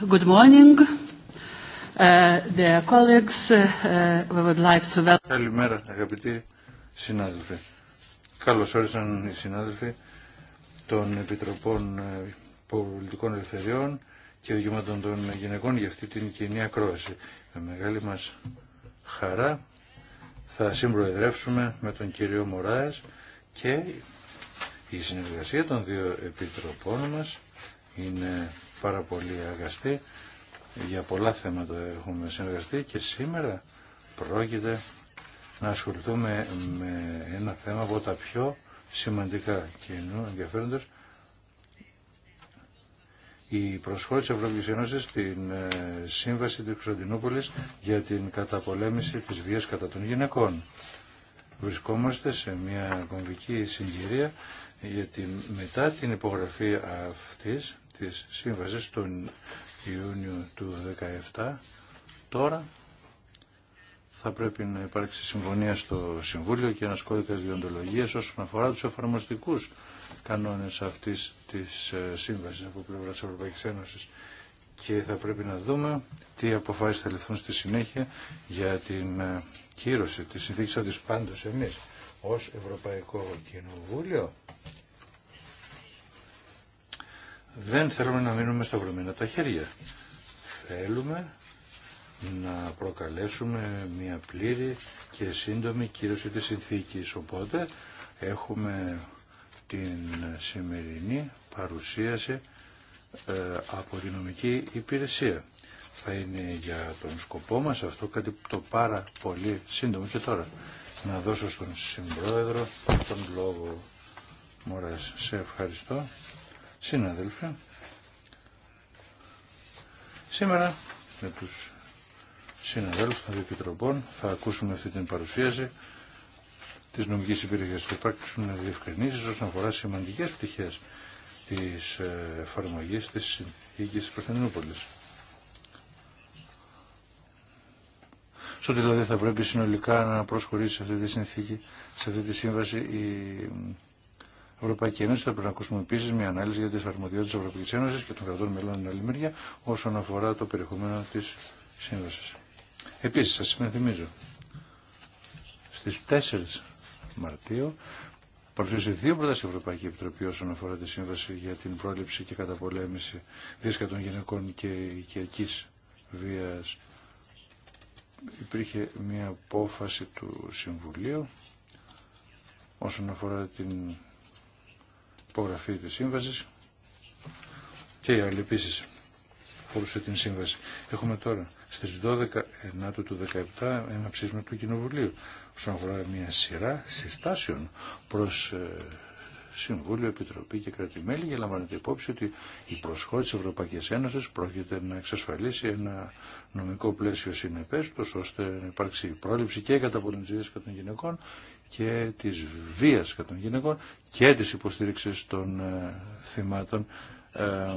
Good morning. Uh, uh, Καλημέρα αγαπητοί συνάδελφοι. Καλώς όρισαν οι συνάδελφοι των Επιτροπών ε, Πολιτικών Ελευθεριών και Δικαιωμάτων των Γυναικών για αυτή την κοινή ακρόαση. Με μεγάλη μας χαρά θα συμπροεδρεύσουμε με τον κύριο Μωράες και η συνεργασία των δύο επιτροπών μας είναι πάρα πολύ αγαστή. Για πολλά θέματα έχουμε συνεργαστεί και σήμερα πρόκειται να ασχοληθούμε με ένα θέμα από τα πιο σημαντικά κοινού ενδιαφέροντος η προσχώρηση της Ευρωπαϊκής Ένωσης στην ε, Σύμβαση της Κωνσταντινούπολης για την καταπολέμηση της βίας κατά των γυναικών. Βρισκόμαστε σε μια κομβική συγκυρία γιατί μετά την υπογραφή αυτής της σύμβασης τον Ιούνιο του 2017. Τώρα θα πρέπει να υπάρξει συμφωνία στο Συμβούλιο και ένας κώδικας διοντολογίας όσον αφορά τους εφαρμοστικούς κανόνες αυτής της ε, σύμβασης από πλευρά της Ευρωπαϊκής Ένωσης και θα πρέπει να δούμε τι αποφάσεις θα ληφθούν στη συνέχεια για την ε, κύρωση της συνθήκης αυτής πάντως εμείς ως Ευρωπαϊκό Κοινοβούλιο δεν θέλουμε να μείνουμε σταυρωμένα τα χέρια. Θέλουμε να προκαλέσουμε μια πλήρη και σύντομη κύρωση της συνθήκης. Οπότε έχουμε την σημερινή παρουσίαση ε, από την νομική υπηρεσία. Θα είναι για τον σκοπό μας αυτό κάτι το πάρα πολύ σύντομο και τώρα να δώσω στον συμπρόεδρο τον λόγο. Μωράς, σε ευχαριστώ. Συνάδελφε, σήμερα με τους συναδέλφους των Επιτροπών θα ακούσουμε αυτή την παρουσίαση της νομικής υπηρεσίας. Θα υπάρξουν διευκρινήσεις όσον αφορά σημαντικές πτυχές της ε, εφαρμογή της συνθήκης Κωνσταντινούπολης. Στο ότι δηλαδή θα πρέπει συνολικά να προσχωρήσει σε αυτή τη συνθήκη, σε αυτή τη σύμβαση η Ευρωπαϊκή Ένωση. Θα πρέπει να ακούσουμε επίση μια ανάλυση για τι αρμοδιότητε τη Ευρωπαϊκή Ένωση και των κρατών μελών στην άλλη όσον αφορά το περιεχόμενο τη σύμβαση. Επίση, σα υπενθυμίζω, στι 4 Μαρτίου παρουσίασε δύο προτάσει η Ευρωπαϊκή Επιτροπή όσον αφορά τη σύμβαση για την πρόληψη και καταπολέμηση βίσκα των γυναικών και οικιακή βία. Υπήρχε μια απόφαση του Συμβουλίου όσον αφορά την υπογραφή της σύμβασης και η άλλη επίση φορούσε την σύμβαση. Έχουμε τώρα στις 12 του 17 ένα ψήφισμα του Κοινοβουλίου όσον αφορά μια σειρά συστάσεων προς ε, Συμβούλιο, Επιτροπή και Κρατημέλη για λαμβάνεται υπόψη ότι η προσχώρηση της Ευρωπαϊκής Ένωσης πρόκειται να εξασφαλίσει ένα νομικό πλαίσιο συνεπές ώστε να υπάρξει πρόληψη και η καταπολεμιστή των γυναικών και της βίας κατά των γυναικών και της υποστήριξης των ε, θυμάτων ε,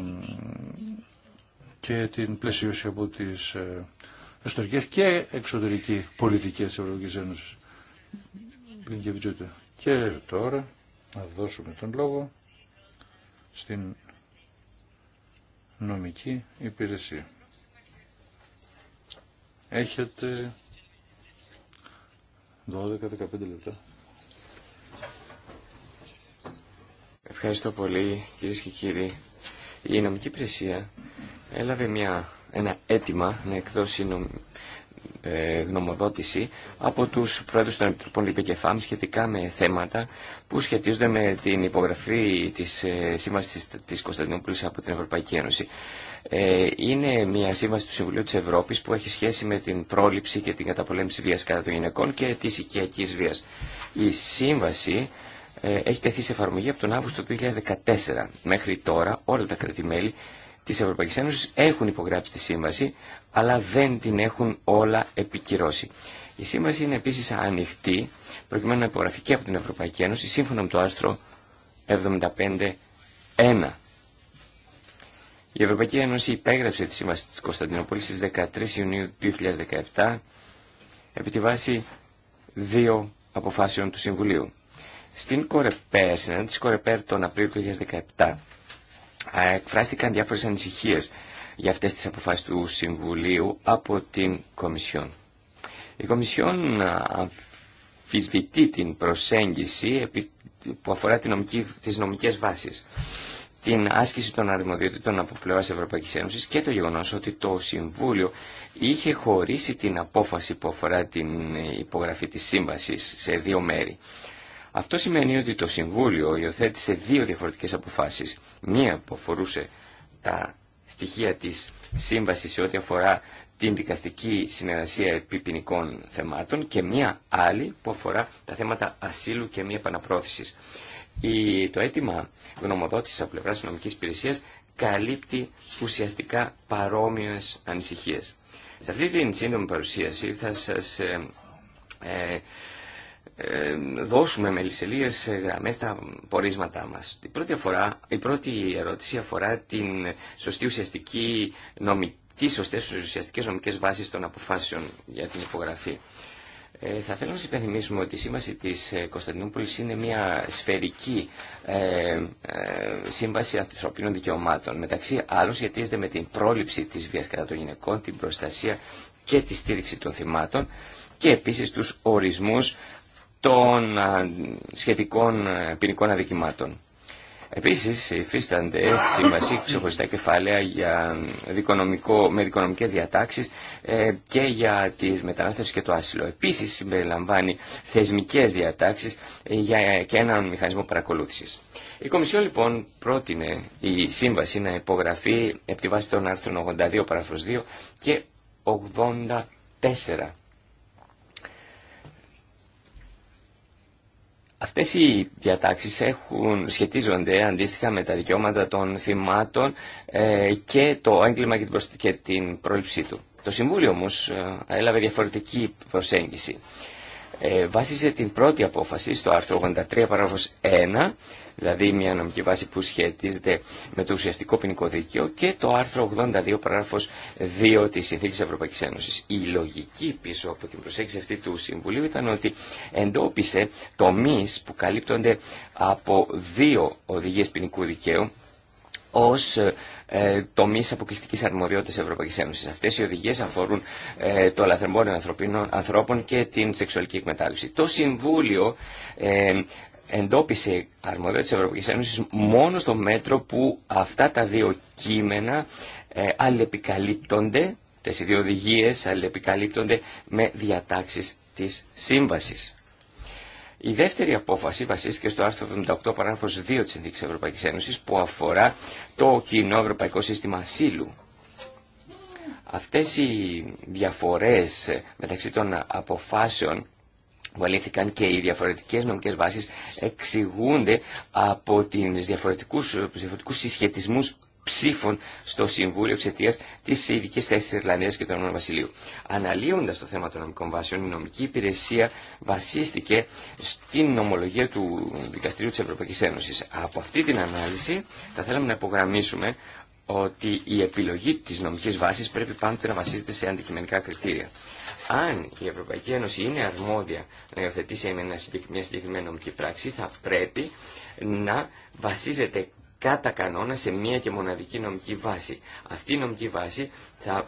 και την πλαισίωση από τις ε, εσωτερικές και εξωτερική πολιτικές της Ευρωπαϊκής Ένωσης. Και τώρα να δώσουμε τον λόγο στην νομική υπηρεσία. Έχετε 12-15 λεπτά. Ευχαριστώ πολύ κυρίε και κύριοι. Η νομική υπηρεσία έλαβε μια, ένα αίτημα να εκδώσει νομ, ε, γνωμοδότηση από τους πρόεδρους των Επιτροπών ΛΥΠΕ σχετικά με θέματα που σχετίζονται με την υπογραφή της ε, σύμβασης της Κωνσταντινούπολης από την Ευρωπαϊκή Ένωση. Ε, είναι μια σύμβαση του Συμβουλίου της Ευρώπης που έχει σχέση με την πρόληψη και την καταπολέμηση βίας κατά των γυναικών και της οικιακής βίας. Η σύμβαση έχει τεθεί σε εφαρμογή από τον Αύγουστο του 2014. Μέχρι τώρα όλα τα κρατημέλη Τις Ευρωπαϊκή Ένωση έχουν υπογράψει τη σύμβαση, αλλά δεν την έχουν όλα επικυρώσει. Η σύμβαση είναι επίσης ανοιχτή, προκειμένου να υπογραφεί και από την Ευρωπαϊκή Ένωση, σύμφωνα με το άρθρο 75.1. Η Ευρωπαϊκή Ένωση υπέγραψε τη σύμβαση της Κωνσταντινούπολη στις 13 Ιουνίου 2017, επί τη βάση δύο αποφάσεων του Συμβουλίου. Στην Κορεπέρ, συνάντηση Κορεπέρ τον Απρίλιο του 2017, εκφράστηκαν διάφορες ανησυχίες για αυτές τις αποφάσεις του Συμβουλίου από την Κομισιόν. Η Κομισιόν αμφισβητεί την προσέγγιση που αφορά τι νομική, τις νομικές βάσεις την άσκηση των αρμοδιοτήτων από πλευρά Ευρωπαϊκής Ένωσης και το γεγονός ότι το Συμβούλιο είχε χωρίσει την απόφαση που αφορά την υπογραφή της σύμβασης σε δύο μέρη. Αυτό σημαίνει ότι το Συμβούλιο υιοθέτησε δύο διαφορετικές αποφάσεις. Μία που αφορούσε τα στοιχεία της σύμβασης σε ό,τι αφορά την δικαστική συνεργασία επί ποινικών θεμάτων και μία άλλη που αφορά τα θέματα ασύλου και μία επαναπρόθεσης. Η, το αίτημα γνωμοδότησης από πλευράς νομικής υπηρεσία καλύπτει ουσιαστικά παρόμοιες ανησυχίες. Σε αυτή την σύντομη παρουσίαση θα σας ε, ε, ε, δώσουμε με λησελίες γραμμές τα πορίσματά μας. Η πρώτη, αφορά, η πρώτη ερώτηση αφορά την σωστή ουσιαστική νομική τις σωστές ουσιαστικές νομικές βάσεις των αποφάσεων για την υπογραφή. Ε, θα θέλω να σας υπενθυμίσουμε ότι η σύμβαση της ε, Κωνσταντινούπολης είναι μια σφαιρική ε, ε, σύμβαση ανθρωπίνων δικαιωμάτων. Μεταξύ άλλων σχετίζεται με την πρόληψη της βίας κατά των γυναικών, την προστασία και τη στήριξη των θυμάτων και επίσης τους ορισμούς των σχετικών ποινικών αδικημάτων. Επίσης υφίστανται στη Σύμβαση ξεχωριστά κεφάλαια για δικονομικό, με δικονομικές διατάξεις ε, και για τις μετανάστευση και το άσυλο. Επίσης συμπεριλαμβάνει θεσμικές διατάξεις ε, για, και έναν μηχανισμό παρακολούθησης. Η Κομισιόν λοιπόν πρότεινε η Σύμβαση να υπογραφεί επί τη βάση των άρθρων 82 παραφρος 2 και 84 Αυτές οι διατάξεις έχουν, σχετίζονται αντίστοιχα με τα δικαιώματα των θυμάτων ε, και το έγκλημα και την, πρόληψή του. Το Συμβούλιο όμως ε, έλαβε διαφορετική προσέγγιση ε, βάσισε την πρώτη απόφαση στο άρθρο 83 παράγραφος 1, δηλαδή μια νομική βάση που σχετίζεται με το ουσιαστικό ποινικό δίκαιο και το άρθρο 82 παράγραφος 2 της Συνθήκης Ευρωπαϊκής Ένωσης. Η λογική πίσω από την προσέγγιση αυτή του Συμβουλίου ήταν ότι εντόπισε τομείς που καλύπτονται από δύο οδηγίες ποινικού δικαίου ω ε, τομεί αποκλειστική αρμοδιότητα Ευρωπαϊκή Ένωση. Αυτέ οι οδηγίε αφορούν ε, το λαθρεμπόριο ανθρώπων και την σεξουαλική εκμετάλλευση. Το Συμβούλιο ε, εντόπισε αρμοδιότητα τη Ευρωπαϊκής Ένωσης μόνο στο μέτρο που αυτά τα δύο κείμενα ε, αλληλεπικαλύπτονται, τις δύο οδηγίες αλληλεπικαλύπτονται με διατάξεις τη σύμβαση. Η δεύτερη απόφαση βασίστηκε στο άρθρο 78 παράγραφος 2 της Συνθήκης Ευρωπαϊκής Ένωσης που αφορά το κοινό ευρωπαϊκό σύστημα ασύλου. Αυτές οι διαφορές μεταξύ των αποφάσεων που αλήθηκαν και οι διαφορετικές νομικές βάσεις εξηγούνται από τις διαφορετικούς, τους διαφορετικούς συσχετισμούς ψήφων στο Συμβούλιο εξαιτία τη ειδική θέση τη Ιρλανδία και του Βασιλείου. Αναλύοντα το θέμα των νομικών βάσεων, η νομική υπηρεσία βασίστηκε στην νομολογία του Δικαστηρίου τη Ευρωπαϊκή Ένωση. Από αυτή την ανάλυση θα θέλαμε να υπογραμμίσουμε ότι η επιλογή τη νομική βάση πρέπει πάντοτε να βασίζεται σε αντικειμενικά κριτήρια. Αν η Ευρωπαϊκή Ένωση είναι αρμόδια να υιοθετήσει μια συγκεκριμένη νομική πράξη, θα πρέπει να βασίζεται κατά κανόνα σε μία και μοναδική νομική βάση. Αυτή η νομική βάση θα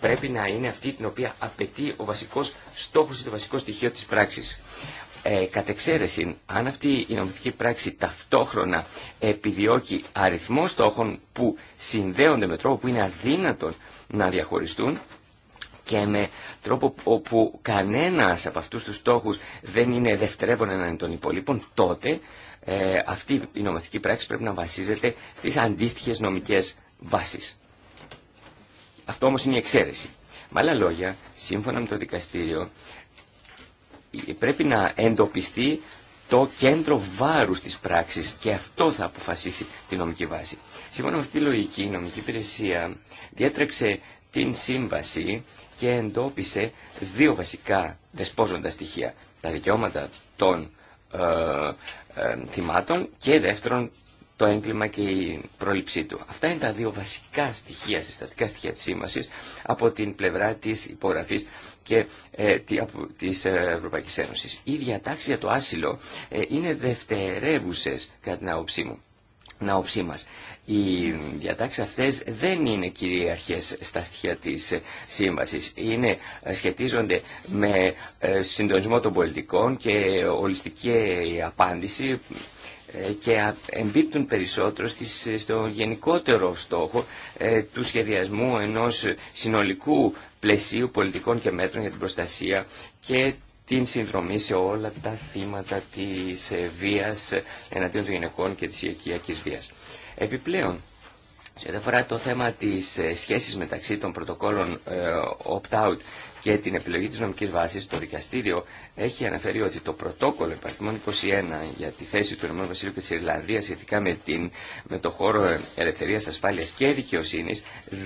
πρέπει να είναι αυτή την οποία απαιτεί ο βασικός στόχος ή το βασικό στοιχείο της πράξης. Ε, κατ' εξαίρεση, αν αυτή η νομική πράξη ταυτόχρονα επιδιώκει αριθμό στόχων που συνδέονται με τρόπο που είναι αδύνατον να διαχωριστούν και με τρόπο όπου κανένας από αυτούς τους στόχους δεν είναι δευτερεύον έναν των υπολείπων, τότε ε, αυτή η νομοθετική πράξη πρέπει να βασίζεται στις αντίστοιχες νομικές βάσεις. Αυτό όμως είναι η εξαίρεση. Με άλλα λόγια, σύμφωνα με το δικαστήριο, πρέπει να εντοπιστεί το κέντρο βάρους της πράξης και αυτό θα αποφασίσει τη νομική βάση. Σύμφωνα με αυτή τη λογική, η νομική υπηρεσία διέτρεξε την σύμβαση και εντόπισε δύο βασικά δεσπόζοντα στοιχεία. Τα δικαιώματα των ε, ε, θυμάτων και δεύτερον το έγκλημα και η πρόληψή του. Αυτά είναι τα δύο βασικά στοιχεία, συστατικά στοιχεία της σήμασης από την πλευρά της υπογραφής και ε, της ε, Ευρωπαϊκής Ένωσης. Η διατάξη για το άσυλο ε, είναι δευτερεύουσες κατά την άποψή μου. μας. Οι διατάξεις αυτές δεν είναι κυριαρχές στα στοιχεία της σύμβασης. Είναι, ε, σχετίζονται με ε, συντονισμό των πολιτικών και ολιστική απάντηση ε, και εμπίπτουν περισσότερο στο γενικότερο στόχο του σχεδιασμού ενός συνολικού πλαισίου πολιτικών και μέτρων για την προστασία και την συνδρομή σε όλα τα θύματα της βίας εναντίον των γυναικών και της οικιακής βίας. Επιπλέον, σε ό,τι αφορά το θέμα της ε, σχέσης μεταξύ των πρωτοκόλων ε, opt-out και την επιλογή της νομικής βάσης, το δικαστήριο έχει αναφέρει ότι το πρωτόκολλο υπαριθμών 21 για τη θέση του Ηνωμένου Βασίλειου και της Ιρλανδίας σχετικά με, την, με το χώρο ε, ελευθερίας, ασφάλειας και δικαιοσύνης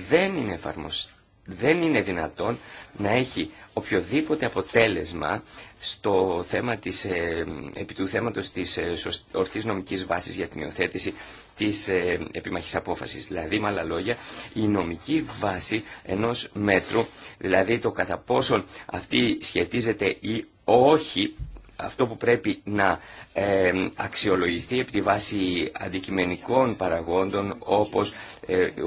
δεν είναι εφαρμοστή δεν είναι δυνατόν να έχει οποιοδήποτε αποτέλεσμα στο θέμα της, ε, επί του θέματος της ε, ορθής νομικής βάσης για την υιοθέτηση της ε, επιμαχής απόφασης. Δηλαδή, με άλλα λόγια, η νομική βάση ενός μέτρου, δηλαδή το κατά πόσον αυτή σχετίζεται ή όχι, αυτό που πρέπει να αξιολογηθεί επί τη βάση αντικειμενικών παραγόντων όπως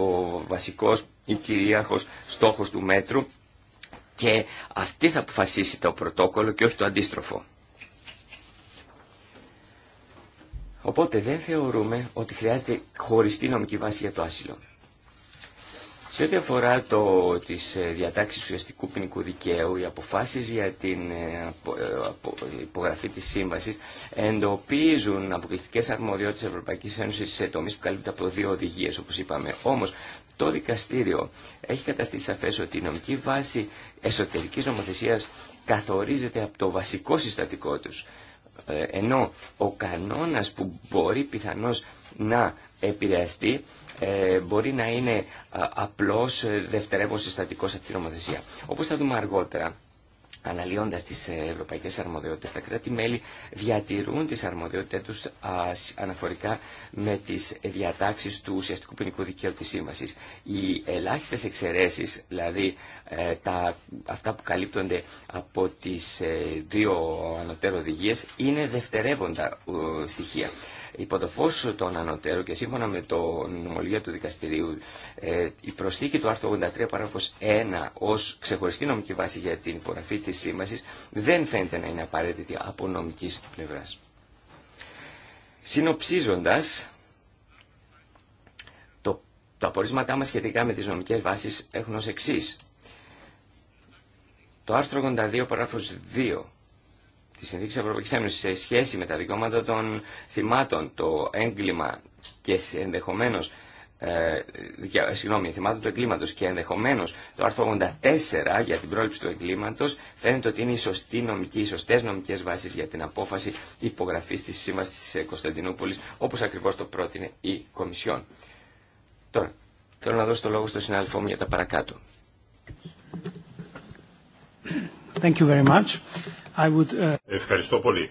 ο βασικός ή κυρίαρχος στόχος του μέτρου και αυτή θα αποφασίσει το πρωτόκολλο και όχι το αντίστροφο. Οπότε δεν θεωρούμε ότι χρειάζεται χωριστή νομική βάση για το άσυλο. Σε ό,τι αφορά το, τις ε, διατάξεις ουσιαστικού ποινικού δικαίου, οι αποφάσεις για την ε, ε, υπογραφή της σύμβασης εντοπίζουν αποκλειστικές αρμοδιότητες Ευρωπαϊκής Ένωσης σε τομείς που καλύπτουν από δύο οδηγίες, όπως είπαμε. Όμως, το δικαστήριο έχει καταστήσει σαφές ότι η νομική βάση εσωτερικής νομοθεσίας καθορίζεται από το βασικό συστατικό τους. Ε, ενώ ο κανόνας που μπορεί πιθανώς να επηρεαστεί ε, μπορεί να είναι απλώς ε, δευτερεύον συστατικός από τη νομοθεσία. Όπως θα δούμε αργότερα, αναλύοντας τις ε, ευρωπαϊκές αρμοδιότητες. Τα κράτη-μέλη διατηρούν τις αρμοδιότητες τους αναφορικά με τις διατάξεις του ουσιαστικού ποινικού δικαίου της σύμβασης. Οι ελάχιστες εξαιρέσεις, δηλαδή ε, τα, αυτά που καλύπτονται από τις ε, δύο ανωτέρω οδηγίες, είναι δευτερεύοντα στοιχεία. Υπό το φω των ανωτέρων και σύμφωνα με το νομολογία του δικαστηρίου, ε, η προσθήκη του άρθρου 83 παράγραφος 1 ως ξεχωριστή νομική βάση για την υπογραφή τη σύμβαση δεν φαίνεται να είναι απαραίτητη από νομικής πλευράς. Συνοψίζοντα τα απορίσματά μα σχετικά με τις νομικές βάσεις έχουν ως εξής. Το άρθρο 82 παράγραφος 2 τη Συνθήκη Ευρωπαϊκή Ένωση σε σχέση με τα δικαιώματα των θυμάτων, το έγκλημα και ενδεχομένω. Ε, δικαι... συγγνώμη, θυμάτων του εγκλήματο και ενδεχομένω το άρθρο 84 για την πρόληψη του εγκλήματο φαίνεται ότι είναι οι σωστοί νομικοί, οι σωστέ νομικέ βάσει για την απόφαση υπογραφή τη Σύμβαση τη Κωνσταντινούπολη, όπω ακριβώ το πρότεινε η Κομισιόν. Τώρα, θέλω να δώσω το λόγο στον συνάδελφό μου για τα παρακάτω. Thank you very much. Uh, Ευχαριστώ πολύ.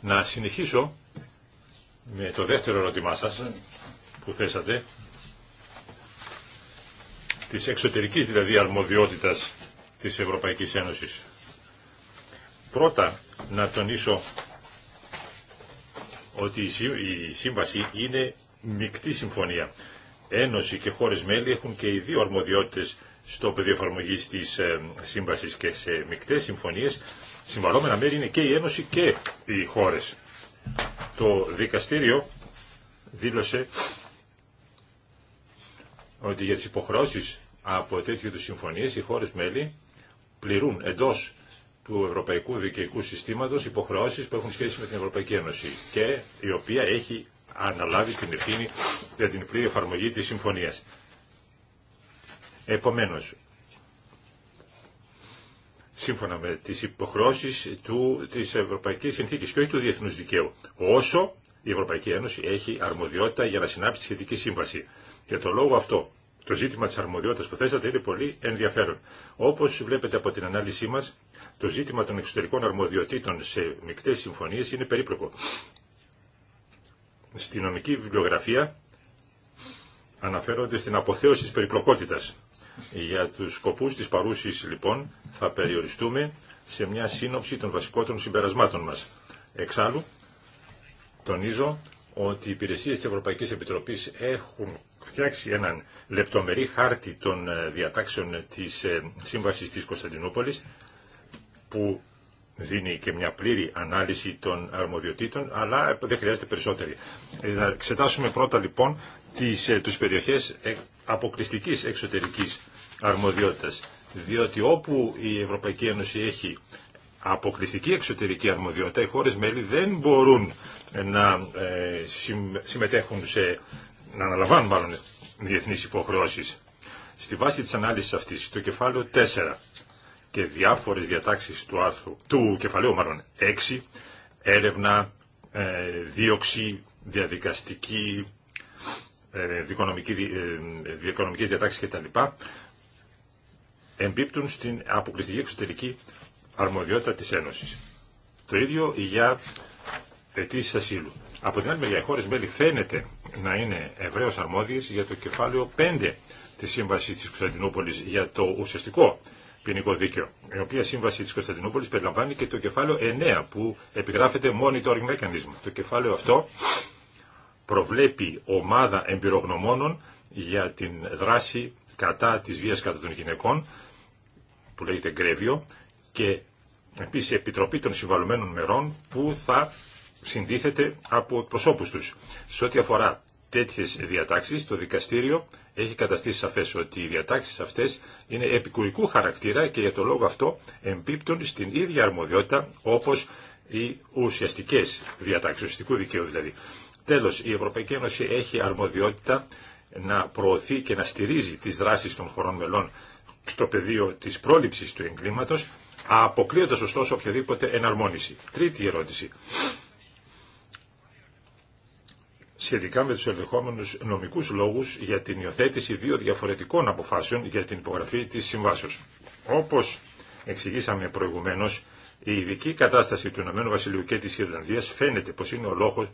Να συνεχίσω με το δεύτερο ερώτημά σας που θέσατε της εξωτερικής δηλαδή αρμοδιότητας της Ευρωπαϊκής Ένωσης. Πρώτα να τονίσω ότι η σύμβαση είναι μεικτή συμφωνία. Ένωση και χώρες μέλη έχουν και οι δύο αρμοδιότητες στο πεδίο εφαρμογή της ε, σύμβασης και σε μεικτές συμφωνίες συμβαλόμενα μέρη είναι και η Ένωση και οι χώρες. Το δικαστήριο δήλωσε ότι για τις υποχρεώσεις από τέτοιου του συμφωνίες οι χώρες μέλη πληρούν εντός του Ευρωπαϊκού Δικαιικού Συστήματος υποχρεώσεις που έχουν σχέση με την Ευρωπαϊκή Ένωση και η οποία έχει αναλάβει την ευθύνη για την πλήρη εφαρμογή της συμφωνίας. Επομένως, σύμφωνα με τις υποχρώσεις του, της Ευρωπαϊκής Συνθήκης και όχι του Διεθνούς Δικαίου, όσο η Ευρωπαϊκή Ένωση έχει αρμοδιότητα για να συνάψει τη σχετική σύμβαση. Και το λόγο αυτό, το ζήτημα της αρμοδιότητας που θέσατε είναι πολύ ενδιαφέρον. Όπως βλέπετε από την ανάλυση μας, το ζήτημα των εξωτερικών αρμοδιοτήτων σε μεικτές συμφωνίες είναι περίπλοκο. Στη νομική βιβλιογραφία αναφέρονται στην αποθέωση της περιπλοκότητας. Για τους σκοπούς της παρούσης λοιπόν θα περιοριστούμε σε μια σύνοψη των βασικότερων συμπερασμάτων μας. Εξάλλου, τονίζω ότι οι υπηρεσίες της Ευρωπαϊκής Επιτροπής έχουν φτιάξει έναν λεπτομερή χάρτη των ε, διατάξεων της ε, Σύμβασης της Κωνσταντινούπολης που δίνει και μια πλήρη ανάλυση των αρμοδιοτήτων, αλλά δεν χρειάζεται περισσότερη. Ε, θα εξετάσουμε πρώτα λοιπόν τις, ε, τους περιοχές αποκλειστικής εξωτερικής αρμοδιότητας. Διότι όπου η Ευρωπαϊκή Ένωση έχει αποκλειστική εξωτερική αρμοδιότητα, οι χώρες μέλη δεν μπορούν να ε, συμμετέχουν σε, να αναλαμβάνουν μάλλον διεθνείς υποχρεώσεις. Στη βάση της ανάλυσης αυτής, το κεφάλαιο 4 και διάφορες διατάξεις του, άρθρου, κεφαλαίου μάλλον 6, έρευνα, ε, δίωξη, διαδικαστική ε, ε, ε, διοικονομική διατάξεις κτλ. εμπίπτουν στην αποκλειστική εξωτερική αρμοδιότητα της Ένωσης. Το ίδιο για αιτήσει ασύλου. Από την άλλη μεριά, οι χώρε μέλη φαίνεται να είναι ευρέω αρμόδιες για το κεφάλαιο 5 της Σύμβασης της Κωνσταντινούπολης για το ουσιαστικό ποινικό δίκαιο. Η οποία Σύμβαση της Κωνσταντινούπολης περιλαμβάνει και το κεφάλαιο 9 που επιγράφεται monitoring mechanism. Το κεφάλαιο αυτό προβλέπει ομάδα εμπειρογνωμόνων για την δράση κατά της βίας κατά των γυναικών, που λέγεται Γκρέβιο, και επίσης Επιτροπή των Συμβαλωμένων Μερών που θα συντίθεται από προσώπους τους. Σε ό,τι αφορά τέτοιες διατάξεις, το δικαστήριο έχει καταστήσει σαφές ότι οι διατάξεις αυτές είναι επικουρικού χαρακτήρα και για το λόγο αυτό εμπίπτουν στην ίδια αρμοδιότητα όπως οι ουσιαστικές διατάξεις, ουσιαστικού δικαίου δηλαδή. Τέλος, η Ευρωπαϊκή Ένωση έχει αρμοδιότητα να προωθεί και να στηρίζει τις δράσεις των χωρών μελών στο πεδίο της πρόληψης του εγκλήματος, αποκλείοντας ωστόσο οποιαδήποτε εναρμόνιση. Τρίτη ερώτηση. Σχετικά με τους ενδεχόμενους νομικούς λόγους για την υιοθέτηση δύο διαφορετικών αποφάσεων για την υπογραφή της συμβάσεως. Όπως εξηγήσαμε προηγουμένως, η ειδική κατάσταση του Ηνωμένου Βασιλείου και της Ιρλανδίας φαίνεται πως είναι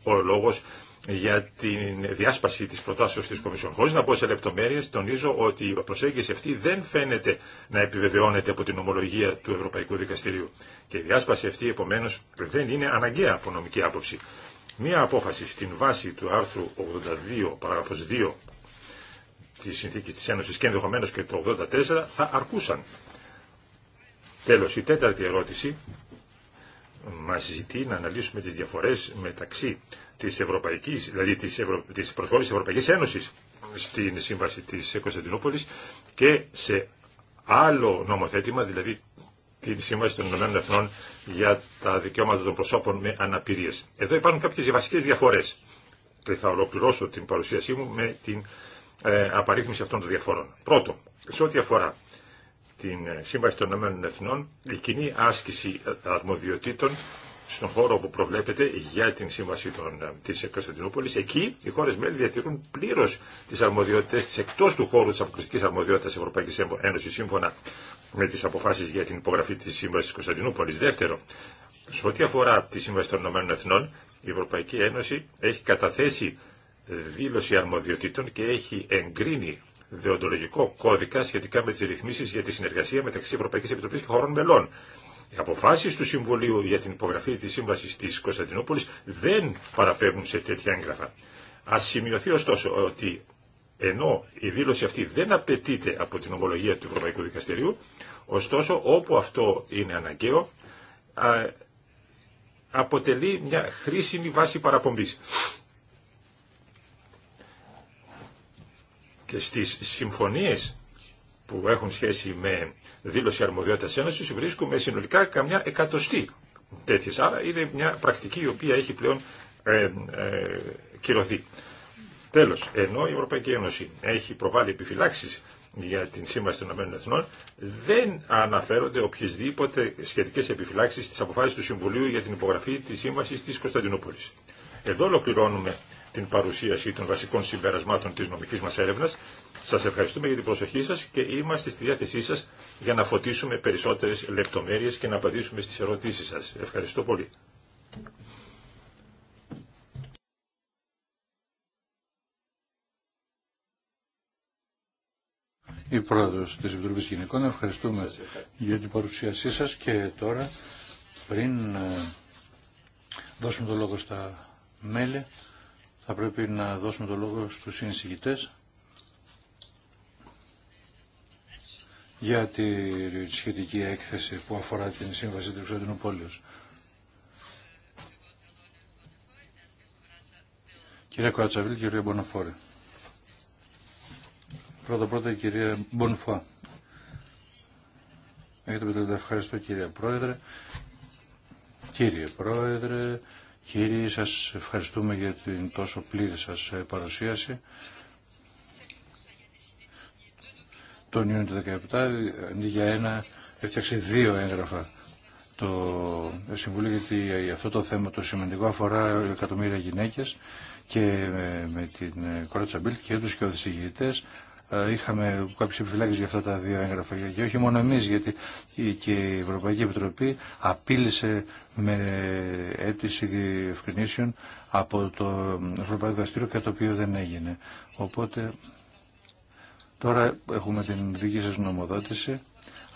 ο λόγος, για τη διάσπαση της προτάσεως της Κομισιόν. Χωρίς να πω σε λεπτομέρειες, τονίζω ότι η προσέγγιση αυτή δεν φαίνεται να επιβεβαιώνεται από την ομολογία του Ευρωπαϊκού Δικαστηρίου. Και η διάσπαση αυτή, επομένως, δεν είναι αναγκαία από νομική άποψη. Μία απόφαση στην βάση του άρθρου 82, παράγραφος 2 τη συνθήκη τη Ένωση και ενδεχομένω και το 84 θα αρκούσαν Τέλος, η τέταρτη ερώτηση μας ζητεί να αναλύσουμε τις διαφορές μεταξύ της, Ευρωπαϊκής, δηλαδή της, Ευρω... της Ευρωπαϊκής Ένωσης στην σύμβαση της Κωνσταντινούπολης και σε άλλο νομοθέτημα, δηλαδή τη Σύμβαση των Ηνωμένων Εθνών για τα δικαιώματα των προσώπων με αναπηρίες. Εδώ υπάρχουν κάποιες βασικές διαφορές και θα ολοκληρώσω την παρουσίασή μου με την ε, απαρίθμηση αυτών των διαφορών. Πρώτο, σε ό,τι αφορά την ε, Σύμβαση των Ηνωμένων Εθνών η κοινή άσκηση ε, αρμοδιοτήτων στον χώρο που προβλέπεται για την Σύμβαση των, ε, της Κωνσταντινούπολης. Εκεί οι χώρες μέλη διατηρούν πλήρως τις αρμοδιότητες της εκτός του χώρου της αποκλειστικής αρμοδιότητας Ευρωπαϊκής Ένωσης σύμφωνα με τις αποφάσεις για την υπογραφή της Σύμβασης Κωνσταντινούπολης. Δεύτερο, σε ό,τι αφορά τη Σύμβαση των Ηνωμένων Εθνών, η Ευρωπαϊκή Ένωση έχει καταθέσει δήλωση αρμοδιοτήτων και έχει εγκρίνει δεοντολογικό κώδικα σχετικά με τι ρυθμίσει για τη συνεργασία μεταξύ Ευρωπαϊκή Επιτροπή και χωρών μελών. Οι αποφάσει του Συμβουλίου για την υπογραφή τη Σύμβαση τη Κωνσταντινούπολη δεν παραπέμπουν σε τέτοια έγγραφα. Α σημειωθεί ωστόσο ότι ενώ η δήλωση αυτή δεν απαιτείται από την ομολογία του Ευρωπαϊκού Δικαστηρίου, ωστόσο όπου αυτό είναι αναγκαίο, αποτελεί μια χρήσιμη βάση παραπομπής. και στις συμφωνίες που έχουν σχέση με δήλωση αρμοδιότητας ένωσης βρίσκουμε συνολικά καμιά εκατοστή τέτοιες. Άρα είναι μια πρακτική η οποία έχει πλέον ε, ε, κυρωθεί. Τέλος, ενώ η Ευρωπαϊκή Ένωση έχει προβάλει επιφυλάξεις για την Σύμβαση των Ηνωμένων Εθνών, δεν αναφέρονται οποιασδήποτε σχετικές επιφυλάξεις στις αποφάσεις του Συμβουλίου για την υπογραφή της Σύμβασης της Κωνσταντινούπολης. Εδώ ολοκληρώνουμε την παρουσίαση των βασικών συμπερασμάτων της νομικής μας έρευνας. Σας ευχαριστούμε για την προσοχή σας και είμαστε στη διάθεσή σας για να φωτίσουμε περισσότερες λεπτομέρειες και να απαντήσουμε στις ερωτήσεις σας. Ευχαριστώ πολύ. Η πρόεδρος της Επιτροπής Γυναικών, ευχαριστούμε για την παρουσίασή σας και τώρα πριν ε, δώσουμε το λόγο στα μέλη θα πρέπει να δώσουμε το λόγο στους συνεισηγητές για τη σχετική έκθεση που αφορά την σύμβαση του Ξέντινου Πόλεως. Κυρία Κορατσαβίλη, κυρία Μποναφόρε. Πρώτα πρώτα η κυρία Μπονφά. Έχετε τελευταία Ευχαριστώ κύριε Πρόεδρε. Κύριε Πρόεδρε, Κύριοι, σας ευχαριστούμε για την τόσο πλήρη σας ε, παρουσίαση. Τον Ιούνιο του 2017, αντί ε, για ένα, έφτιαξε δύο έγγραφα το Συμβούλιο, γιατί αυτό το θέμα το σημαντικό αφορά εκατομμύρια γυναίκες και ε, με την Κόρα Τσαμπίλ και τους και οδησυγητές ε, είχαμε κάποιε επιφυλάξει για αυτά τα δύο έγγραφα και όχι μόνο εμείς γιατί και η Ευρωπαϊκή Επιτροπή απείλησε με αίτηση διευκρινήσεων από το Ευρωπαϊκό Δικαστήριο και το οποίο δεν έγινε. Οπότε τώρα έχουμε την δική σα νομοδότηση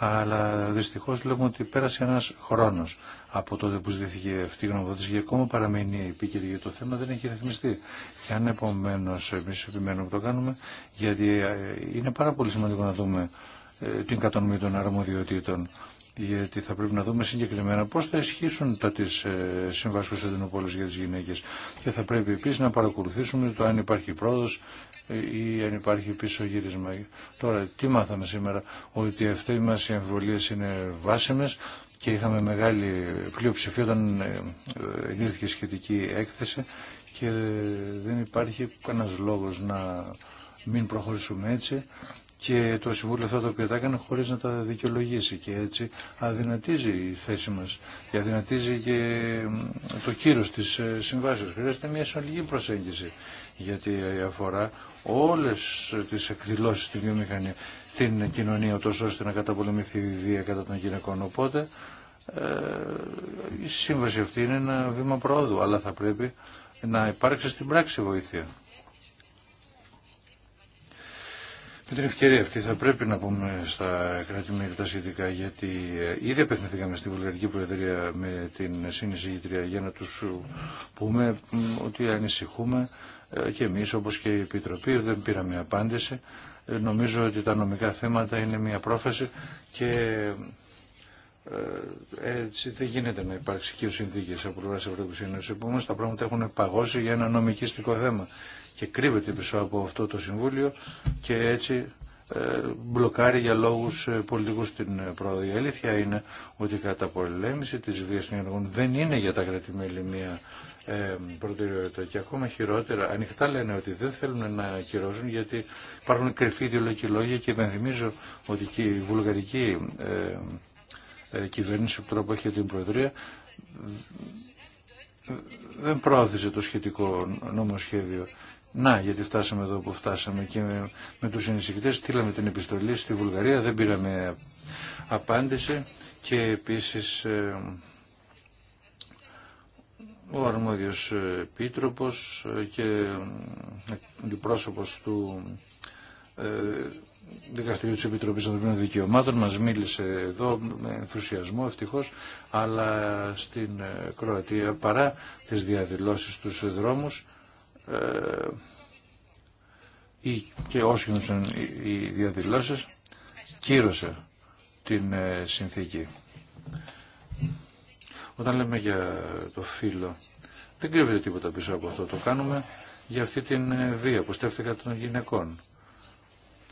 αλλά δυστυχώς βλέπουμε ότι πέρασε ένας χρόνος από τότε που ζητήθηκε αυτή η γνωμοδότηση και ακόμα παραμένει επίκαιρη για το θέμα δεν έχει ρυθμιστεί. Και αν επομένω εμεί επιμένουμε που το κάνουμε, γιατί ε, είναι πάρα πολύ σημαντικό να δούμε ε, την κατονομή των αρμοδιοτήτων γιατί θα πρέπει να δούμε συγκεκριμένα πώς θα ισχύσουν τα της ε, Συμβάσκου για τις γυναίκες και θα πρέπει επίσης να παρακολουθήσουμε το αν υπάρχει πρόοδος ή αν υπάρχει πίσω γύρισμα. Τώρα, τι μάθαμε σήμερα, ότι αυτέ μας οι εμβολίε είναι βάσιμε και είχαμε μεγάλη πλειοψηφία όταν ε, εγκρίθηκε σχετική έκθεση και δεν υπάρχει κανένα λόγο να μην προχωρήσουμε έτσι και το Συμβούλιο αυτό το οποίο τα έκανε χωρίς να τα δικαιολογήσει και έτσι αδυνατίζει η θέση μας και αδυνατίζει και το κύρος της ε, συμβάσεως. Χρειάζεται μια συνολική προσέγγιση γιατί ε, αφορά όλες τις εκδηλώσεις στην βιομηχανία, την κοινωνία, τόσο ώστε να καταπολεμηθεί η βία κατά των γυναικών. Οπότε ε, η σύμβαση αυτή είναι ένα βήμα πρόοδου, αλλά θα πρέπει να υπάρξει στην πράξη βοήθεια. Με την ευκαιρία αυτή θα πρέπει να πούμε στα κράτη-μέλη τα σχετικά, γιατί ε, ήδη απευθυνθήκαμε στην Βουλγαρική Προεδρία με την σύνηση για να τους ε, πούμε ότι ανησυχούμε και εμείς όπως και η Επιτροπή δεν πήραμε απάντηση. Ε, νομίζω ότι τα νομικά θέματα είναι μια πρόφαση και ε, έτσι δεν γίνεται να υπάρξει και συνθήκε από πλευρά Ευρωπαϊκή Ένωση. Επομένω, τα πράγματα έχουν παγώσει για ένα νομικιστικό θέμα. Και κρύβεται πίσω από αυτό το Συμβούλιο και έτσι ε, μπλοκάρει για λόγους πολιτικούς την πρόοδο. Η αλήθεια είναι ότι η καταπολέμηση της βίας των ενεργών δεν είναι για τα κρατημέλη μια ε, προτεραιότητα. Και ακόμα χειρότερα, ανοιχτά λένε ότι δεν θέλουν να ακυρώσουν γιατί υπάρχουν κρυφοί ιδεολογική λόγια και υπενθυμίζω ότι και η βουλγαρική ε, ε, κυβέρνηση που τώρα που έχει την Προεδρία δεν πρόθεσε το σχετικό νομοσχέδιο. Να, γιατί φτάσαμε εδώ που φτάσαμε και με, με τους συνεισυχητές στείλαμε την επιστολή στη Βουλγαρία, δεν πήραμε απάντηση και επίσης ο αρμόδιος επίτροπος και αντιπρόσωπος του ε, Δικαστηρίου της Επιτροπής Ανθρωπίνων Δικαιωμάτων μας μίλησε εδώ με ενθουσιασμό ευτυχώς αλλά στην ε, Κροατία παρά τις διαδηλώσεις τους δρόμους ε, και όσοι γίνονταν οι διαδηλώσεις κύρωσε την συνθήκη. Όταν λέμε για το φίλο δεν κρύβεται τίποτα πίσω από αυτό. Το κάνουμε για αυτή την ε, βία που στέφτηκα των γυναικών,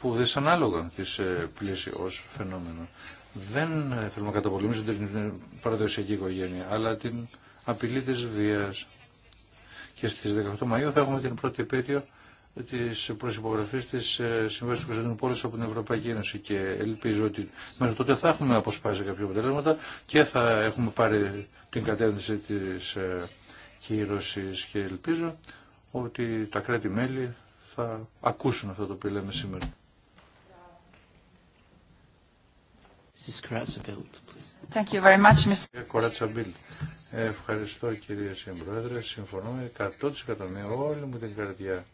που δυσανάλογα της ε, πλήση ως φαινόμενο. Δεν ε, θέλουμε να καταπολεμήσουμε την παραδοσιακή οικογένεια, αλλά την απειλή της βίας. Και στις 18 Μαΐου θα έχουμε την πρώτη επέτειο της προσυπογραφής ε, τη Συμβάση του πόλη από την Ευρωπαϊκή Ένωση και ελπίζω ότι μέχρι τότε θα έχουμε αποσπάσει κάποια αποτελέσματα και θα έχουμε πάρει την κατεύθυνση τη ε, κύρωσης και ελπίζω ότι τα κράτη-μέλη θα ακούσουν αυτό το οποίο λέμε σήμερα. Thank you very much, Mr. Ε, ευχαριστώ κυρία Συμπρόεδρε, συμφωνώ 100% με όλη μου την καρδιά